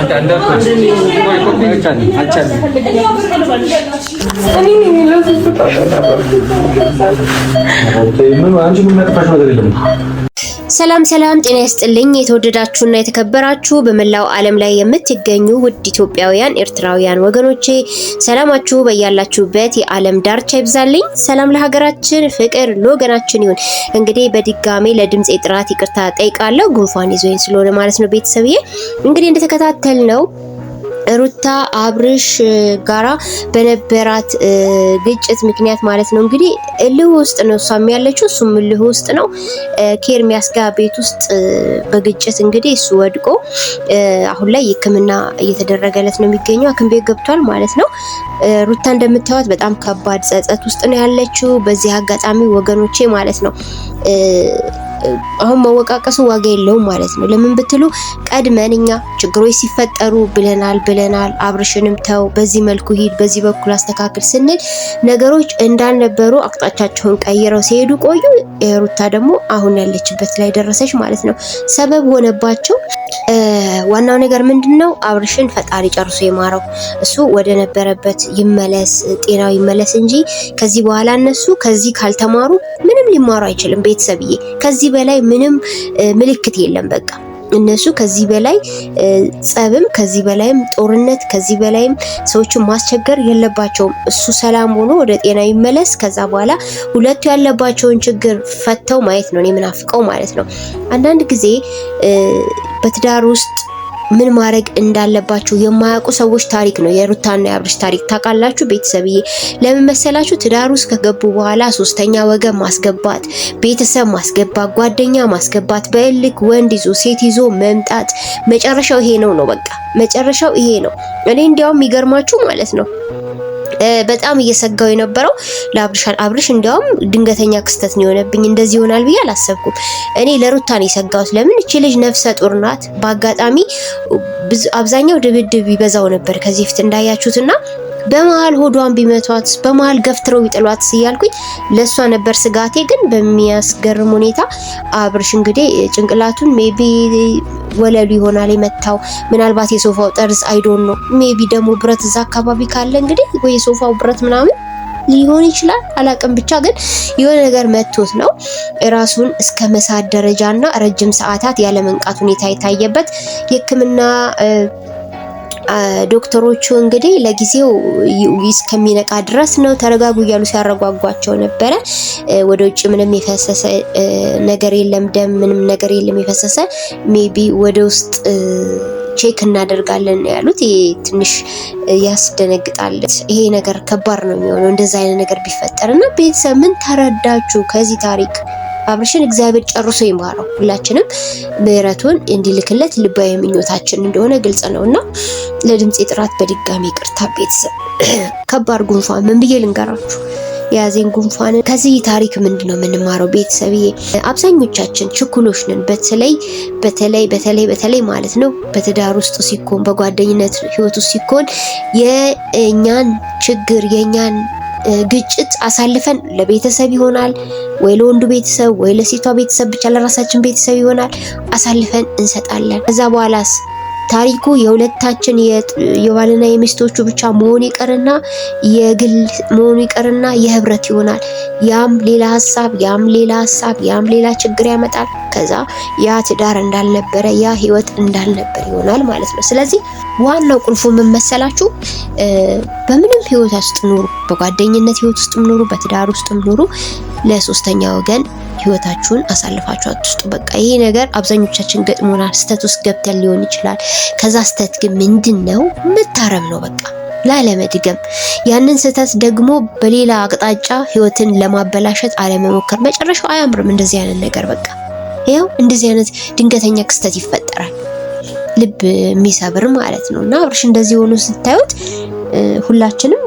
አንቺ ምን መጥፋሽ ነገር የለም። ሰላም ሰላም፣ ጤና ይስጥልኝ የተወደዳችሁና የተከበራችሁ በመላው ዓለም ላይ የምትገኙ ውድ ኢትዮጵያውያን ኤርትራውያን ወገኖቼ ሰላማችሁ በያላችሁበት የዓለም ዳርቻ ይብዛልኝ። ሰላም ለሀገራችን፣ ፍቅር ለወገናችን ይሁን። እንግዲህ በድጋሜ ለድምፅ ጥራት ይቅርታ ጠይቃለሁ። ጉንፋን ይዞኝ ስለሆነ ማለት ነው ቤተሰብዬ። እንግዲህ እንደተከታተል ነው ሩታ አብርሽ ጋራ በነበራት ግጭት ምክንያት ማለት ነው እንግዲህ እልህ ውስጥ ነው እሷም ያለችው፣ እሱም እልህ ውስጥ ነው። ከኤርሚያስ ጋር ቤት ውስጥ በግጭት እንግዲህ እሱ ወድቆ አሁን ላይ ሕክምና እየተደረገለት ነው የሚገኘው። ሐኪም ቤት ገብቷል ማለት ነው። ሩታ እንደምታዩት በጣም ከባድ ጸጸት ውስጥ ነው ያለችው። በዚህ አጋጣሚ ወገኖቼ ማለት ነው አሁን መወቃቀሱ ዋጋ የለውም ማለት ነው። ለምን ብትሉ ቀድመን እኛ ችግሮች ሲፈጠሩ ብለናል ብለናል አብርሽንም ተው በዚህ መልኩ ሂድ፣ በዚህ በኩል አስተካክል ስንል ነገሮች እንዳልነበሩ አቅጣጫቸውን ቀይረው ሲሄዱ ቆዩ። ሩታ ደግሞ አሁን ያለችበት ላይ ደረሰች ማለት ነው። ሰበብ ሆነባቸው። ዋናው ነገር ምንድን ነው? አብርሽን ፈጣሪ ጨርሶ የማረው እሱ ወደ ነበረበት ይመለስ፣ ጤናው ይመለስ እንጂ ከዚህ በኋላ እነሱ ከዚህ ካልተማሩ ሊማሩ አይችልም። ቤተሰብዬ ከዚህ በላይ ምንም ምልክት የለም። በቃ እነሱ ከዚህ በላይ ጸብም፣ ከዚህ በላይም ጦርነት፣ ከዚህ በላይም ሰዎችን ማስቸገር የለባቸውም። እሱ ሰላም ሆኖ ወደ ጤና ይመለስ። ከዛ በኋላ ሁለቱ ያለባቸውን ችግር ፈተው ማየት ነው የምናፍቀው ማለት ነው። አንዳንድ ጊዜ በትዳር ውስጥ ምን ማድረግ እንዳለባችሁ የማያውቁ ሰዎች ታሪክ ነው የሩታና የአብርሽ ታሪክ ታውቃላችሁ። ቤተሰብዬ ለምን መሰላችሁ? ትዳር ውስጥ ከገቡ በኋላ ሶስተኛ ወገን ማስገባት፣ ቤተሰብ ማስገባት፣ ጓደኛ ማስገባት፣ በእልክ ወንድ ይዞ ሴት ይዞ መምጣት መጨረሻው ይሄ ነው ነው በቃ መጨረሻው ይሄ ነው። እኔ እንዲያውም ይገርማችሁ ማለት ነው በጣም እየሰጋው የነበረው ለአብርሻን አብርሽ እንዲያውም ድንገተኛ ክስተት ነው የሆነብኝ እንደዚህ ይሆናል ብዬ አላሰብኩም። እኔ ለሩታ ነው የሰጋሁት። ለምን እቺ ልጅ ነፍሰ ጡር ናት። በአጋጣሚ አብዛኛው ድብድብ ይበዛው ነበር ከዚህ ፊት እንዳያችሁትና በመሀል ሆዷን ቢመቷት በመሀል ገፍትረው ይጥሏት እያልኩኝ ለእሷ ነበር ስጋቴ። ግን በሚያስገርም ሁኔታ አብርሽ እንግዲህ ጭንቅላቱን ሜቢ ወለሉ ይሆናል የመታው ምናልባት የሶፋው ጠርዝ አይዶን ነው። ሜቢ ደግሞ ብረት እዛ አካባቢ ካለ እንግዲህ ወይ የሶፋው ብረት ምናምን ሊሆን ይችላል አላቅም። ብቻ ግን የሆነ ነገር መቶት ነው ራሱን እስከ መሳት ደረጃና ረጅም ሰዓታት ያለ መንቃት ሁኔታ የታየበት የሕክምና ዶክተሮቹ እንግዲህ ለጊዜው እስከሚነቃ ድረስ ነው ተረጋጉ እያሉ ሲያረጓጓቸው ነበረ። ወደ ውጭ ምንም የፈሰሰ ነገር የለም፣ ደም ምንም ነገር የለም የፈሰሰ ሜቢ ወደ ውስጥ ቼክ እናደርጋለን ያሉት። ይሄ ትንሽ ያስደነግጣል። ይሄ ነገር ከባድ ነው የሚሆነው እንደዛ አይነት ነገር ቢፈጠር እና ቤተሰብ ምን ተረዳችሁ ከዚህ ታሪክ? አብርሽን እግዚአብሔር ጨርሶ ይማረው። ሁላችንም ምሕረቱን እንዲልክለት ልባዊ ምኞታችን እንደሆነ ግልጽ ነው እና ለድምፅ ጥራት በድጋሚ ይቅርታ ቤተሰብ። ከባድ ጉንፋን ምን ብዬ ልንገራችሁ የያዘኝ ጉንፋን። ከዚህ ታሪክ ምንድን ነው የምንማረው ቤተሰብ አብዛኞቻችን ችኩሎች ነን። በተለይ በተለይ በተለይ በተለይ ማለት ነው በትዳር ውስጥ ሲኮን፣ በጓደኝነት ህይወት ውስጥ ሲኮን የእኛን ችግር የእኛን ግጭት አሳልፈን ለቤተሰብ ይሆናል ወይ ለወንዱ ቤተሰብ ወይ ለሴቷ ቤተሰብ ብቻ ለራሳችን ቤተሰብ ይሆናል አሳልፈን እንሰጣለን። ከዛ በኋላስ ታሪኩ የሁለታችን የባልና የሚስቶቹ ብቻ መሆን ይቀርና የግል መሆኑ ይቀርና የህብረት ይሆናል። ያም ሌላ ሀሳብ፣ ያም ሌላ ሀሳብ፣ ያም ሌላ ችግር ያመጣል። ከዛ ያ ትዳር እንዳልነበረ ያ ህይወት እንዳልነበር ይሆናል ማለት ነው። ስለዚህ ዋናው ቁልፉ ምን መሰላችሁ? በምንም ህይወት ውስጥ ኑሩ፣ በጓደኝነት ህይወት ውስጥ ኑሩ፣ በትዳር ውስጥ ኑሩ፣ ለሶስተኛ ወገን ህይወታችሁን አሳልፋችሁ አትስጡ። በቃ ይሄ ነገር አብዛኞቻችን ገጥሞናል። ስተት ውስጥ ገብተን ሊሆን ይችላል። ከዛ ስተት ግን ምንድን ነው መታረም ነው በቃ ላለመድገም ያንን ስህተት ደግሞ በሌላ አቅጣጫ ህይወትን ለማበላሸት አለመሞከር። መጨረሻው አያምርም። እንደዚህ አይነት ነገር በቃ ይኸው እንደዚህ አይነት ድንገተኛ ክስተት ይፈጠራል፣ ልብ የሚሰብር ማለት ነው። እና አብርሽ እንደዚህ ሆኖ ስታዩት ሁላችንም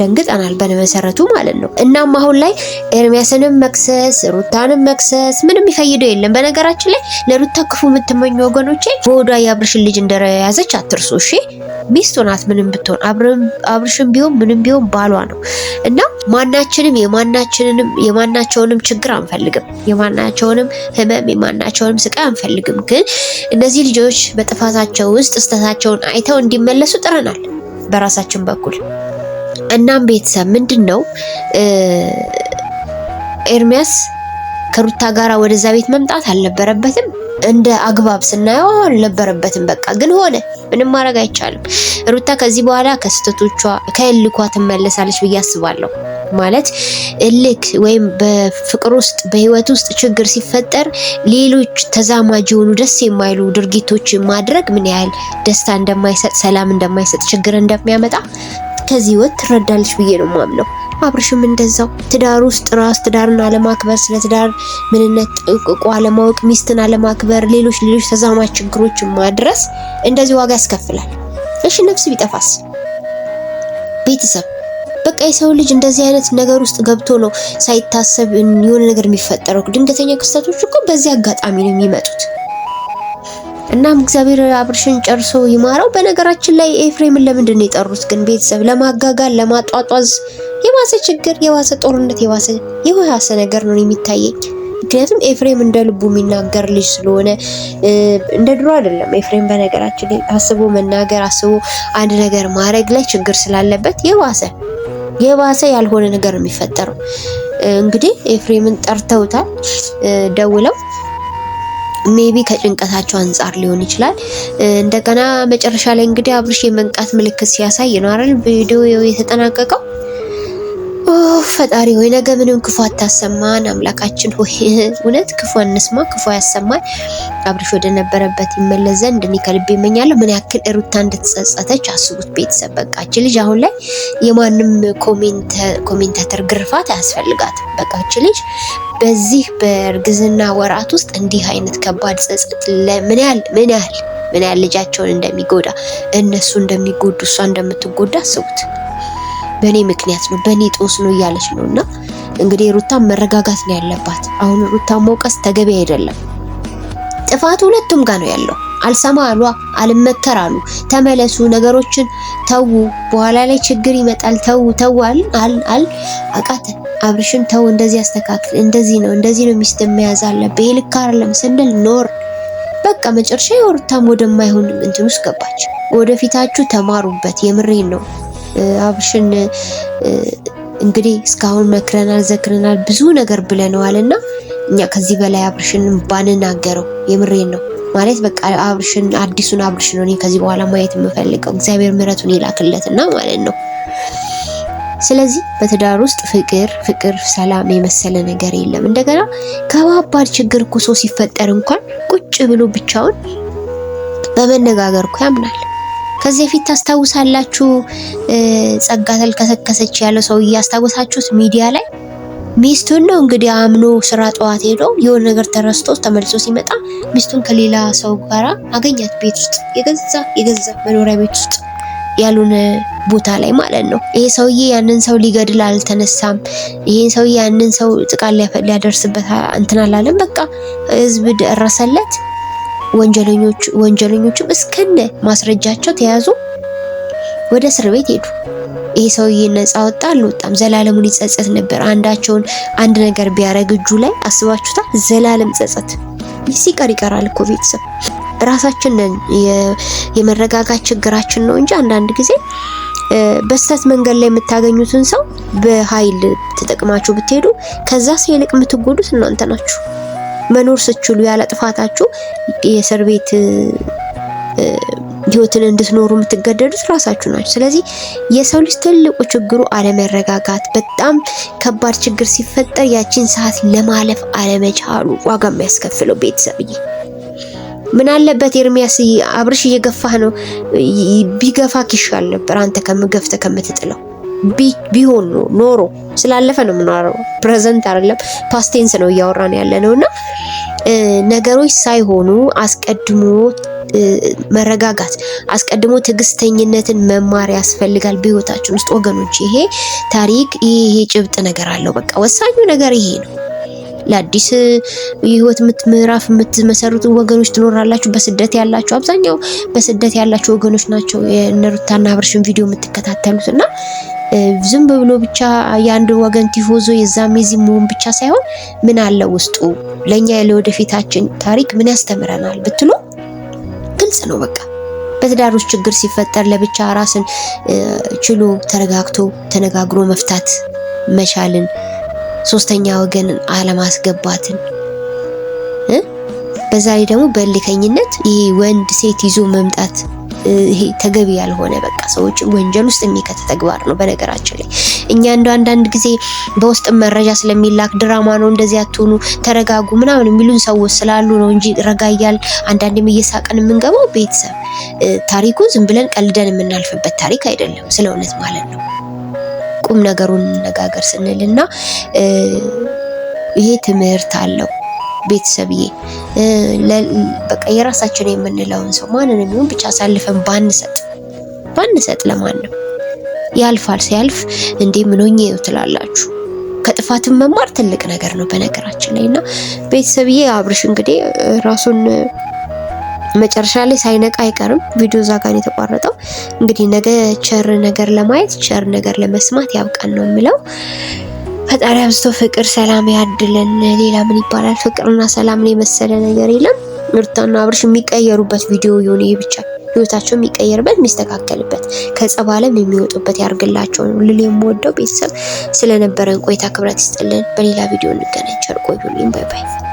ደንግጠናል በመሰረቱ ማለት ነው። እናም አሁን ላይ ኤርሚያስንም መክሰስ ሩታንም መክሰስ ምንም ይፈይደው የለም። በነገራችን ላይ ለሩታ ክፉ የምትመኙ ወገኖቼ በወዷ የአብርሽን ልጅ እንደያዘች አትርሱ እሺ። ሚስቱ ናት ምንም ብትሆን፣ አብርሽን ቢሆን ምንም ቢሆን ባሏ ነው እና ማናችንም የማናችንንም የማናቸውንም ችግር አንፈልግም፣ የማናቸውንም ህመም የማናቸውንም ስቃይ አንፈልግም። ግን እነዚህ ልጆች በጥፋታቸው ውስጥ እስተታቸውን አይተው እንዲመለሱ ጥረናል። በራሳችን በኩል። እናም ቤተሰብ ምንድን ነው ኤርሚያስ ከሩታ ጋራ ወደዛ ቤት መምጣት አልነበረበትም። እንደ አግባብ ስናየው አልነበረበትም። በቃ ግን ሆነ፣ ምንም ማድረግ አይቻልም። ሩታ ከዚህ በኋላ ከስህተቶቿ ከእልኳ ትመለሳለች ብዬ አስባለሁ። ማለት እልክ ወይም በፍቅር ውስጥ በህይወት ውስጥ ችግር ሲፈጠር ሌሎች ተዛማጅ የሆኑ ደስ የማይሉ ድርጊቶችን ማድረግ ምን ያህል ደስታ እንደማይሰጥ፣ ሰላም እንደማይሰጥ፣ ችግር እንደሚያመጣ ከዚህ ህይወት ትረዳለች ብዬ ነው ማምነው። አብርሽም እንደዛው ትዳር ውስጥ ራስ ትዳርን አለማክበር፣ ስለ ትዳር ምንነት ጥንቅቆ አለማወቅ፣ ሚስትን አለማክበር፣ ሌሎች ሌሎች ተዛማጅ ችግሮችን ማድረስ እንደዚህ ዋጋ ያስከፍላል። እሺ ነፍስ ቢጠፋስ ቤተሰብ በቃ የሰው ልጅ እንደዚህ አይነት ነገር ውስጥ ገብቶ ነው ሳይታሰብ የሆነ ነገር የሚፈጠረው። ድንገተኛ ክስተቶች እኮ በዚህ አጋጣሚ ነው የሚመጡት። እናም እግዚአብሔር አብርሽን ጨርሶ ይማረው። በነገራችን ላይ ኤፍሬምን ለምንድን ነው የጠሩት ግን? ቤተሰብ ለማጋጋል፣ ለማጧጧዝ፣ የባሰ ችግር፣ የባሰ ጦርነት፣ የባሰ የባሰ ነገር ነው የሚታየኝ። ምክንያቱም ኤፍሬም እንደ ልቡ የሚናገር ልጅ ስለሆነ እንደ ድሮ አይደለም። ኤፍሬም በነገራችን ላይ አስቦ መናገር አስቦ አንድ ነገር ማድረግ ላይ ችግር ስላለበት የባሰ የባሰ ያልሆነ ነገር የሚፈጠረው። እንግዲህ ኤፍሬምን ጠርተውታል ደውለው ሜቢ ከጭንቀታቸው አንጻር ሊሆን ይችላል። እንደገና መጨረሻ ላይ እንግዲህ አብርሽ የመንቃት ምልክት ሲያሳይ ነው አይደል ቪዲዮ የተጠናቀቀው። ፈጣሪ ወይ ነገ ምንም ክፉ አታሰማን አምላካችን ሆይ። እውነት ክፉ አንስማ፣ ክፉ ያሰማን። አብርሽ ወደ ነበረበት ይመለስ ዘንድ እኔ ከልቤ ይመኛለሁ። ምን ያክል ሩታ እንደተጸጸተች አስቡት ቤተሰብ። በቃች ልጅ አሁን ላይ የማንም ኮሜንታተር ግርፋት አያስፈልጋትም። በቃች ልጅ በዚህ በእርግዝና ወራት ውስጥ እንዲህ አይነት ከባድ ጸጸት ለምን ያህል ምን ያህል ምን ያህል ልጃቸውን እንደሚጎዳ እነሱ እንደሚጎዱ እሷ እንደምትጎዳ አስቡት። በእኔ ምክንያት ነው፣ በእኔ ጦስ ነው እያለች ነው። እና እንግዲህ ሩታ መረጋጋት ነው ያለባት። አሁን ሩታ መውቀስ ተገቢ አይደለም። ጥፋት ሁለቱም ጋር ነው ያለው። አልሰማ አሏ፣ አልመከር አሉ፣ ተመለሱ፣ ነገሮችን ተዉ፣ በኋላ ላይ ችግር ይመጣል፣ ተዉ ተዉ አልን አል አል አቃተ አብርሽን ተው፣ እንደዚህ አስተካክል፣ እንደዚህ ነው እንደዚህ ነው ሚስት መያዝ አለብህ፣ ይሄ ልክ አይደለም ስንል ኖር በቃ መጨረሻ የሩታም ወደማይሆን እንትን ውስጥ ገባች። ወደፊታችሁ ተማሩበት፣ የምሬን ነው። አብርሽን እንግዲህ እስካሁን መክረናል፣ ዘክረናል፣ ብዙ ነገር ብለነዋል እና እኛ ከዚህ በላይ አብርሽን ባንናገረው የምሬን ነው ማለት በቃ አብርሽን አዲሱን አብርሽ ነው እኔ ከዚህ በኋላ ማየት የምፈልገው እግዚአብሔር ምሕረቱን ይላክለት እና ማለት ነው። ስለዚህ በትዳር ውስጥ ፍቅር ፍቅር ሰላም የመሰለ ነገር የለም። እንደገና ከባባድ ችግር እኮ ሰው ሲፈጠር እንኳን ቁጭ ብሎ ብቻውን በመነጋገር እኮ ያምናል። ከዚህ በፊት ታስታውሳላችሁ፣ ጸጋ ተልከሰከሰች ያለው ሰውዬ ያስታወሳችሁት ሚዲያ ላይ ሚስቱን ነው እንግዲህ አምኖ ስራ ጠዋት ሄዶ የሆነ ነገር ተረስቶ ተመልሶ ሲመጣ ሚስቱን ከሌላ ሰው ጋራ አገኛት። ቤት ውስጥ የገዛ የገዛ መኖሪያ ቤት ውስጥ ያሉን ቦታ ላይ ማለት ነው። ይሄ ሰውዬ ያንን ሰው ሊገድል አልተነሳም። ይሄ ሰውዬ ያንን ሰው ጥቃት ሊያደርስበት እንትን አላለም። በቃ ህዝብ ደረሰለት። ወንጀለኞቹ ወንጀለኞቹም እስከነ ማስረጃቸው ተያዙ፣ ወደ እስር ቤት ሄዱ። ይሄ ሰውዬ ነፃ ወጣ አልወጣም፣ ዘላለሙን ይጸጸት ነበር። አንዳቸውን አንድ ነገር ቢያደርግ እጁ ላይ አስባችሁታ፣ ዘላለም ጸጸት። ሲቀር ይቀራል እኮ ቤተሰብ። ራሳችንን የመረጋጋት ችግራችን ነው እንጂ አንዳንድ ጊዜ በስተት መንገድ ላይ የምታገኙትን ሰው በኃይል ተጠቅማችሁ ብትሄዱ ከዛ ሰው ይልቅ የምትጎዱት እናንተ ናችሁ። መኖር ስችሉ ያለ ጥፋታችሁ የእስር ቤት ህይወትን እንድትኖሩ የምትገደዱት ራሳችሁ ናችሁ። ስለዚህ የሰው ልጅ ትልቁ ችግሩ አለመረጋጋት፣ በጣም ከባድ ችግር ሲፈጠር ያቺን ሰዓት ለማለፍ አለመቻሉ ዋጋ የሚያስከፍለው ቤተሰብዬ። ምን አለበት ኤርሚያስ አብርሽ እየገፋህ ነው፣ ቢገፋክ ይሻል ነበር አንተ ከምገፍተ ከምትጥለው ቢሆን ኖሮ ስላለፈ ነው የምናወራው፣ ፕሬዘንት አይደለም። ፓስቴንስ ነው እያወራን ያለ ነው እና ነገሮች ሳይሆኑ አስቀድሞ መረጋጋት አስቀድሞ ትዕግስተኝነትን መማር ያስፈልጋል በህይወታችን ውስጥ ወገኖች። ይሄ ታሪክ ይሄ ጭብጥ ነገር አለው። በቃ ወሳኙ ነገር ይሄ ነው። ለአዲስ የህይወት ምዕራፍ የምትመሰርቱ ወገኖች ትኖራላችሁ። በስደት ያላችሁ አብዛኛው በስደት ያላችሁ ወገኖች ናቸው የነሩታና አብርሽን ቪዲዮ የምትከታተሉት እና ዝም ብሎ ብቻ የአንድ ወገን ቲፎዞ የዛም የዚህ መሆን ብቻ ሳይሆን ምን አለ ውስጡ ለእኛ ለወደፊታችን ታሪክ ምን ያስተምረናል ብትሉ ግልጽ ነው። በቃ በትዳር ችግር ሲፈጠር ለብቻ ራስን ችሎ ተረጋግቶ ተነጋግሮ መፍታት መቻልን፣ ሶስተኛ ወገንን አለማስገባትን በዛ ላይ ደግሞ በእልከኝነት ይሄ ወንድ ሴት ይዞ መምጣት ይሄ ተገቢ ያልሆነ በቃ ሰዎች ወንጀል ውስጥ የሚከት ተግባር ነው። በነገራችን ላይ እኛ እንደ አንዳንድ ጊዜ በውስጥ መረጃ ስለሚላክ ድራማ ነው እንደዚህ አትሆኑ፣ ተረጋጉ ምናምን የሚሉን ሰዎች ስላሉ ነው እንጂ ረጋ እያል አንዳንድም እየሳቀን የምንገባው ቤተሰብ ታሪኩ ዝም ብለን ቀልደን የምናልፍበት ታሪክ አይደለም። ስለ እውነት ማለት ነው። ቁም ነገሩን እንነጋገር ስንል እና ይሄ ትምህርት አለው። ቤተሰብዬ በቃ የራሳችን የምንለውን ሰው ማንንም ይሁን ብቻ አሳልፈን ባንሰጥ ባንሰጥ ነው? ያልፋል። ሲያልፍ እንዴ ምን ሆኜ ነው ትላላችሁ። ከጥፋትን መማር ትልቅ ነገር ነው በነገራችን ላይ እና ቤተሰብዬ አብርሽ እንግዲህ ራሱን መጨረሻ ላይ ሳይነቃ አይቀርም። ቪዲዮ እዛ ጋር የተቋረጠው እንግዲህ ነገ ቸር ነገር ለማየት ቸር ነገር ለመስማት ያብቃን ነው የሚለው። ፈጣሪ አብዝቶ ፍቅር ሰላም ያድለን። ሌላ ምን ይባላል? ፍቅርና ሰላምን የመሰለ ነገር የለም። ሩታና አብርሽ የሚቀየሩበት ቪዲዮ የሆነ ይህ ብቻ ህይወታቸው የሚቀየርበት የሚስተካከልበት ከጸብ ዓለም የሚወጡበት ያርግላቸው ነው ልል የምወደው ቤተሰብ ስለነበረን ቆይታ ክብረት ይስጥልን። በሌላ ቪዲዮ እንገናኝ። ቸር ቆዩልኝ። ባይ ባይ።